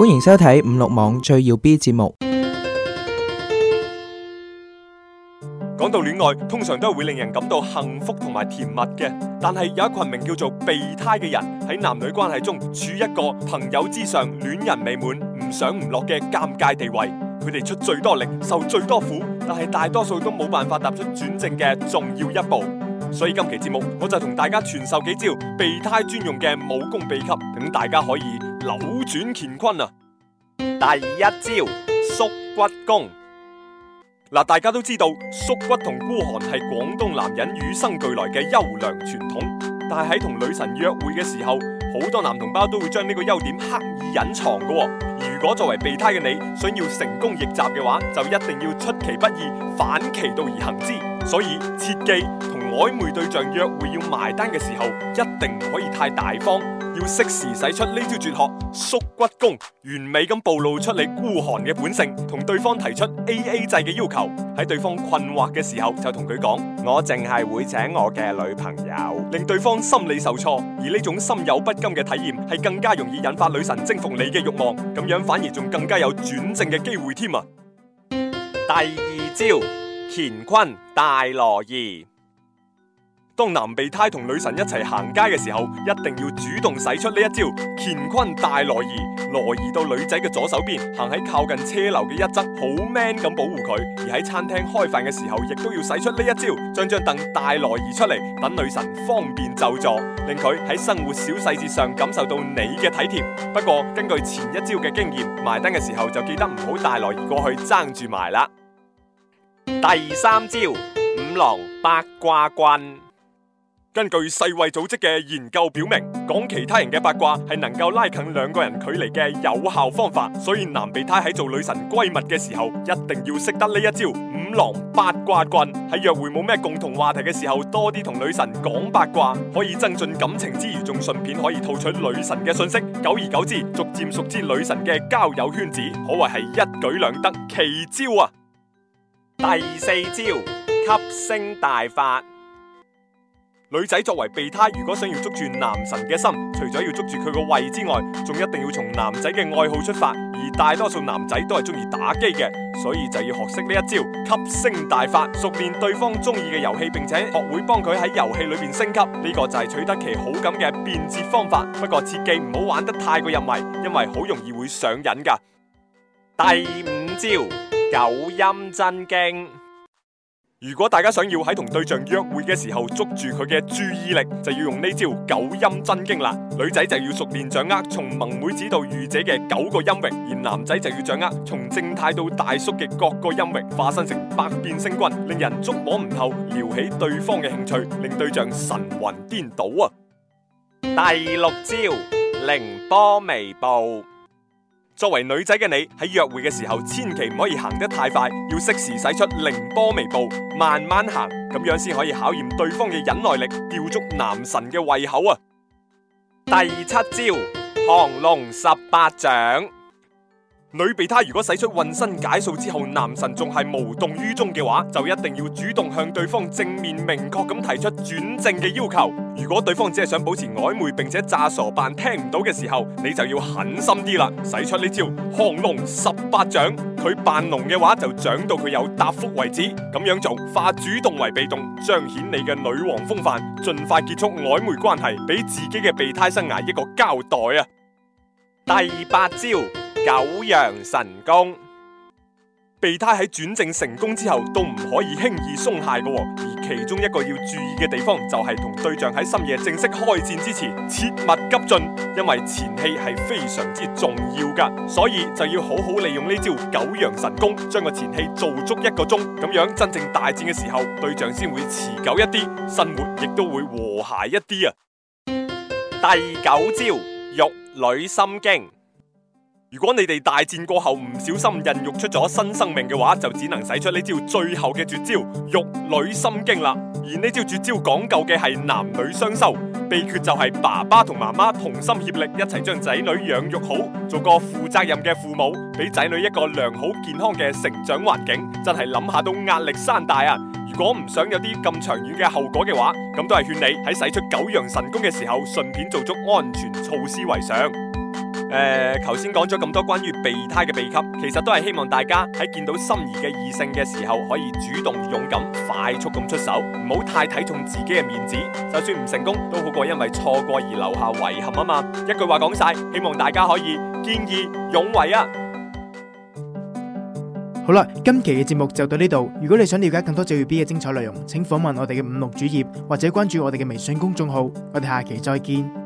歡迎收睇五六網最耀 B 節目。講到戀愛，通常都會令人感到幸福同埋甜蜜嘅，但係有一群名叫做備胎嘅人，喺男女關係中處一個朋友之上、戀人未滿、唔上唔落嘅尷尬地位。佢哋出最多力、受最多苦，但係大多數都冇辦法踏出轉正嘅重要一步。所以今期節目，我就同大家傳授幾招備胎專用嘅武功秘笈，等大家可以扭轉乾坤啊！第一招縮骨功嗱，大家都知道縮骨同孤寒係廣東男人與生俱來嘅優良傳統，但係喺同女神約會嘅時候，好多男同胞都會將呢個優點刻意隱藏嘅喎。如果作為備胎嘅你想要成功逆襲嘅話，就一定要出其不意，反其道而行之。所以切記，同曖昧對象約會要埋單嘅時候，一定唔可以太大方。要適時使出呢招絕學縮骨功，完美咁暴露出你孤寒嘅本性，同對方提出 AA 制嘅要求。喺對方困惑嘅時候，就同佢講：我淨係會請我嘅女朋友，令對方心理受挫。而呢種心有不甘嘅體驗，係更加容易引發女神征服你嘅慾望。咁樣反而仲更加有轉正嘅機會添啊！第二招，乾坤大挪移。當男備胎同女神一齊行街嘅時候，一定要主動使出呢一招乾坤大挪移，挪移到女仔嘅左手邊，行喺靠近車流嘅一側，好 man 咁保護佢。而喺餐廳開飯嘅時候，亦都要使出呢一招，將張凳大挪移出嚟，等女神方便就座，令佢喺生活小細節上感受到你嘅體貼。不過根據前一招嘅經驗，埋單嘅時候就記得唔好大挪移過去爭住埋啦。第三招，五郎八卦棍。根據世衛組織嘅研究表明，講其他人嘅八卦係能夠拉近兩個人距離嘅有效方法。所以男備胎喺做女神閨蜜嘅時候，一定要識得呢一招五郎八卦棍。喺約會冇咩共同話題嘅時候，多啲同女神講八卦，可以增進感情之餘，仲順便可以套取女神嘅信息。久而久之，逐漸熟知女神嘅交友圈子，可謂係一舉兩得。奇招啊！第四招，吸星大法。女仔作為備胎，如果想要捉住男神嘅心，除咗要捉住佢個胃之外，仲一定要從男仔嘅愛好出發。而大多數男仔都係中意打機嘅，所以就要學識呢一招吸星大法，熟練對方中意嘅遊戲，並且學會幫佢喺遊戲裏邊升級。呢、這個就係取得其好感嘅便捷方法。不過切記唔好玩得太過入迷，因為好容易會上癮噶。第五招，九陰真經。如果大家想要喺同對象約會嘅時候捉住佢嘅注意力，就要用呢招九音真經啦。女仔就要熟練掌握從萌妹子到御姐嘅九個音域，而男仔就要掌握從正太到大叔嘅各個音域，化身成百變星君，令人捉摸唔透，撩起對方嘅興趣，令對象神魂顛倒啊！第六招，凌波微步。作為女仔嘅你喺約會嘅時候，千祈唔可以行得太快，要適時使出凌波微步，慢慢行，咁樣先可以考驗對方嘅忍耐力，吊足男神嘅胃口啊！第七招，降龍十八掌。女備胎如果使出渾身解數之後，男神仲係無動於衷嘅話，就一定要主動向對方正面明確咁提出轉正嘅要求。如果對方只係想保持曖昧並且詐傻扮聽唔到嘅時候，你就要狠心啲啦，使出呢招降龍十八掌。佢扮龍嘅話，就掌到佢有答覆為止。咁樣做，化主動為被動，彰顯你嘅女王風範，盡快結束曖昧關係，俾自己嘅備胎生涯一個交代啊！第八招。九陽神功，備胎喺轉正成功之後都唔可以輕易鬆懈噶，而其中一個要注意嘅地方就係同對象喺深夜正式開戰之前，切勿急進，因為前戲係非常之重要噶，所以就要好好利用呢招九陽神功，將個前戲做足一個鐘，咁樣真正大戰嘅時候，對象先會持久一啲，生活亦都會和諧一啲啊！第九招，玉女心經。如果你哋大戰過後唔小心孕育出咗新生命嘅話，就只能使出呢招最後嘅絕招《玉女心經》啦。而呢招絕招講究嘅係男女雙修，秘訣就係爸爸同媽媽同心協力，一齊將仔女養育好，做個負責任嘅父母，俾仔女一個良好健康嘅成長環境。真係諗下都壓力山大啊！如果唔想有啲咁長遠嘅後果嘅話，咁都係勸你喺使出九陽神功嘅時候，順便做足安全措施為上。誒，頭先講咗咁多關於備胎嘅秘笈，其實都係希望大家喺見到心儀嘅異性嘅時候，可以主動勇敢、快速咁出手，唔好太睇重自己嘅面子。就算唔成功，都好過因為錯過而留下遺憾啊嘛。一句話講晒，希望大家可以見義勇為啊！好啦，今期嘅節目就到呢度。如果你想了解更多《最耀 B》嘅精彩內容，請訪問我哋嘅五六主頁或者關注我哋嘅微信公眾號。我哋下期再見。